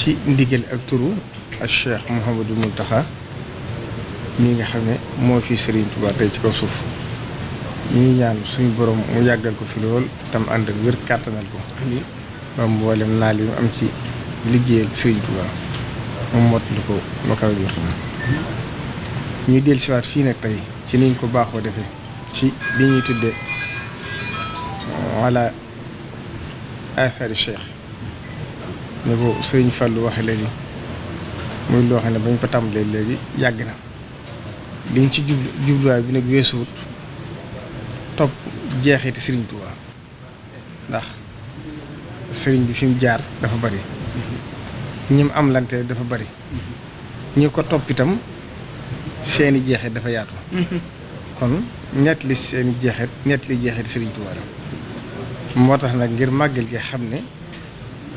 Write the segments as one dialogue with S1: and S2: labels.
S1: ci ndigal ak turu ak Cheikh mu taxa mi nga xam ne moo fi Serigne Touba tey ci kaw suuf ñuy ñaan suñu borom mu yàggal ko fi lool tam ànd ak wér kàttanal ko ba mboolem naal yi mu am ci liggéeyal Serigne Touba moom ko ba ñu del siwaat fii nag tey ci niñ ko baaxoo defee ci li ñuy tudde wala euh, affaire Cheikh ni ko sëriñ Fallou waxee léegi muy loo xam ne bañ ko tàmbalee léegi yàgg na liñ ci jublu bi nag weesuwut topp jeexiti sëriñ Touba ndax sëriñ bi fi jaar dafa bari ñi am lante dafa bari ñi ko topp itam seeni jeexit dafa yaatu kon ñett li seeni jeexit ñett li jeexit sëriñ Touba moo tax nag ngir màggal gi xam ne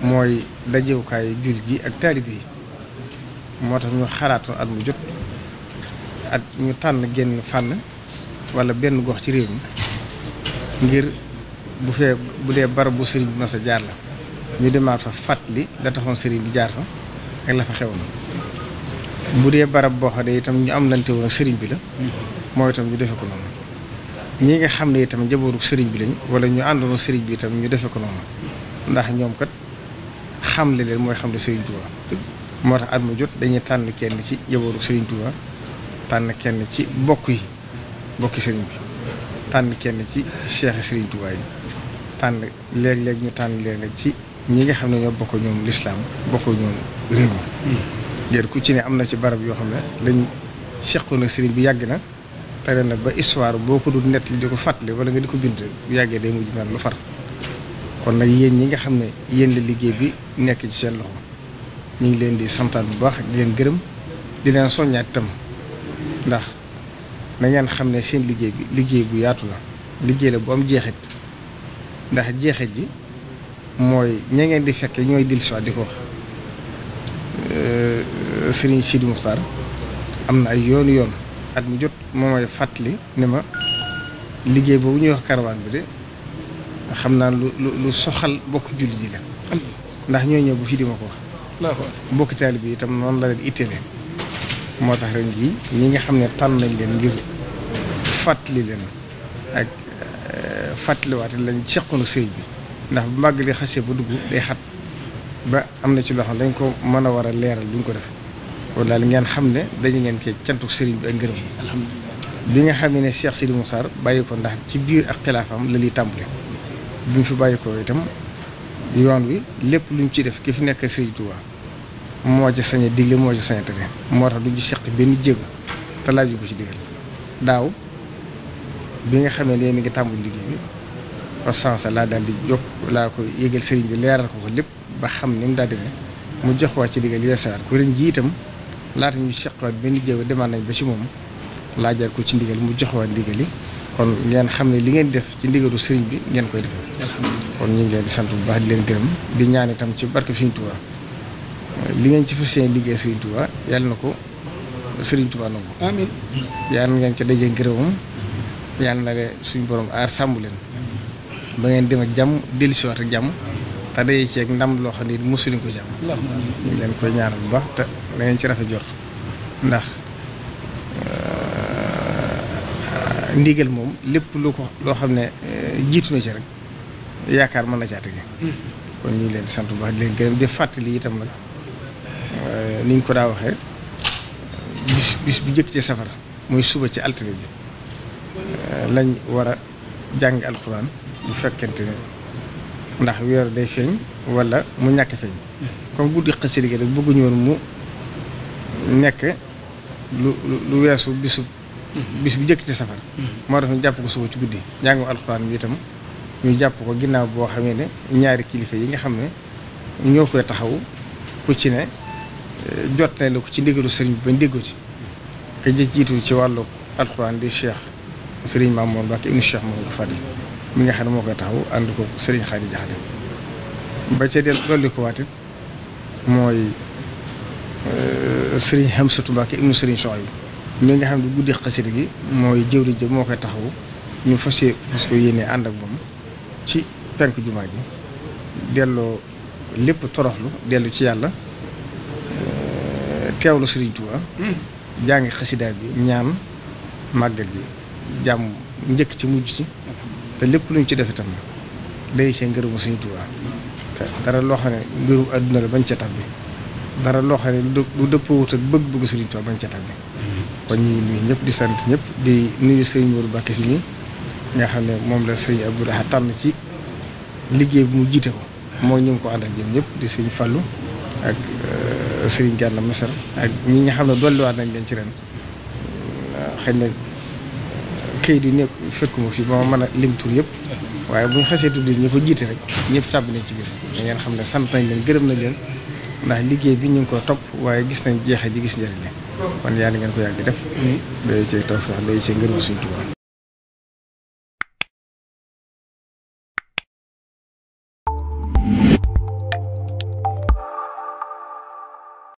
S1: mooy dajewukaay jul ji ak taalibe yi moo tax ñu xalaatoon at mu jot at ñu tànn génn fànn wala benn gox ci réew mi ngir bu fee bu dee barab bu sëriñ bi mas a jaar la ñu demaat fa fàttali da taxoon sëriñ bi jaar fa ak la fa xew na bu dee barab boo xam ne itam ñu am lante woon sëriñ bi la mooy itam ñu defe ko noonu ñi nga xam ne itam njabootu sëriñ bi lañ wala ñu àndoon sëriñ bi itam ñu defe ko noonu ndax ñoom kat xam leen mooy xam le Serigne Touba moo tax at mu jot dañuy tànn kenn ci yobooru Serigne Touba tànn kenn ci bokk yi bokki Serigne bi tànn kenn ci cheikh Serigne tànn léeg-léeg ñu tànn leen ci ñi nga xam ne ñoo bokk ñoom lislaam bokk ñoom réew mi déet ku ci ne am na ci barab yoo xam ne lañ seqoon na Serigne bi yàgg na tere na ba histoire boo ko du nett li di ko fàttali wala nga di ko bind bu yàggee day mujj mel lu far kon nag yéen ñi nga xam ne yéen liggéey bi nekk ci seen loxo ñu ngi leen di santaat bu baax di leen gërëm di leen soññaat itam ndax na ngeen xam ne seen liggéey bi liggéey bu yaatu la liggéey la bu am jeexit ndax jeexit ji mooy ña ngeen di fekke ñooy dellusiwaat di ko wax euh, Serigne Sidi Muxtaar am na ay yoonu yoon at mu jot moo may fàttali ne ma liggéey boobu ñuy wax caravane bi de xam naa lu lu soxal bokk jullit yi la ndax ñoo ñëw bu fi di ko wax mbokki taalibe yi itam noonu la leen itteele moo tax rek jii ñi nga xam ne tànn nañ leen ngir fàttali leen ak euh, fàttaliwaate lañ seqoon sëriñ ndax bu màgg li xasee ba dugg day xat ba am na ci loo xam dañ ko mën a war a leeral luñ ko def wala daal ngeen xam ne dañu ngeen kee cantuk sëriñ bi ak ngërëm bi nga xam ne Cheikh Sidi Moussar bàyyi ko ndax ci biir ak xilaafam la liy tàmbale bi mu fi bàyyi ko itam yoon wi lépp lu ñu ci def ki fi nekk Sëriñ Tuubaa moo ci sañ digle moo ci sañ a tere moo tax duñu seq benn jéego te laaj ko ci digal daaw bi nga xamee ne mi ngi tàmbul liggéey bi par laa daal di jokk laa ko yëgal sëriñ bi leeral ko lépp ba xam ni mu daa mu jox waa ci digal yeesaar ko ren ji itam laata ñu seqwaat benn jéego demaat nañ ba ci moom laajaat ko ci ndigal mu jox waa ndigal kon ngeen xam ne li ngeen def ci ndigalu sëriñ bi ngeen koy def kon ñu ngi leen di sant bu baax di leen gërëm di ñaan itam ci barke Sëriñ Tuubaa li ngeen ci fas yéene liggéey Sëriñ Tuubaa yàlla na ko Sëriñ Tuubaa nangu amiin yàlla ngeen ci daje ngërëmam yàlla na suñu boroom aar sàmm leen ba ngeen dem ak jàmm dellusiwaat ak jàmm te daje ci ak ndam loo xam ne mosuñu ko jàmm ñu ngi leen koy ñaanal bu baax te na ngeen ci rafet jot ndax ndigal moom lépp lu ko loo xam ne eh, jiitu na ci rek yaakaar mën na caa tege hmm. kon ñu leen di sant bu baax di leen gërëm di fàttali itam nag eh, ni ñu ko daa waxee bis bis bu njëkk ci safara muy suba ci altine ji eh, lañ war a jàng alxuraan bu fekkente ne ndax weer day feeñ wala mu ñàkk feeñ comme guddi xasida rek bëgguñu woon mu nekk lu lu weesu bisu bis bu njëkk ci safar moo tax ñu jàpp ko suba ci guddi njàngum alxuraan bi itam ñu jàpp ko ginnaaw boo xamee ne ñaari kilifa yi nga xam ne ñoo koy taxaw ku ci ne eh, jot na la ko ci ndigalu sëriñ bañ déggoo ci jiitu ci wàllu alxuraan di cheikh sëriñ Mamour Mbacke ibnu cheikh Mamour mi nga xam ne moo koy taxaw ànd ko sëriñ Xaadi Jaxate ba ca del dolli ko waatit mooy eh, sëriñ Hamsatu Mbacke ibnu sëriñ Soxayu mi nga xam ne guddi xasida gi mooy jëwriñ ji moo koy taxawu ñu fas fas ko yéene ànd ak moom ci penk jumaa ji delloo lépp toroxlu dellu ci yàlla euh, teewlu Sëriñ Tuubaa hmm. jàngi xasida bi ñaan màggal bi jàmm njëkk ci mujj si te lépp lu ñu ci def itam day see ngërëmu Sëriñ Tuubaa te dara loo xam ne mbirum àdduna la bañ ca tax bi dara loo xam ne lu dëppoo wut ak bëgg-bëgg Sëriñ Tuubaa bañ ca tab bi kon ñu nuyu ñëpp di sant ñëpp di nuyu sëriñ Mourou Bakké si ñi nga xam ne moom la sëriñ Abdou Lahad tànn ci liggéey bi mu jiite ko moo ñu ko àndal jëm ñëpp di sëriñ Fallou ak euh, sëriñ Gana Messere ak ñi nga xam ne dolliwaat nañ leen ci ren euh, xëy na euh, kayit yi nekk fekkuma fi ba ma mën a lim tur yëpp waaye bu ñu xasee tudd ñi ko jiite rek ñëpp tàbb nañ ci biir da ngeen xam ne sant nañ leen gërëm nañ leen ndax liggéey bi ñu ngi ko topp waaye gis nañ jeexee ji gis njëriñ kon yàlla ngeen ko yàgg def. day ci tawfeex day ci ngërëm Sëriñ Tuubaa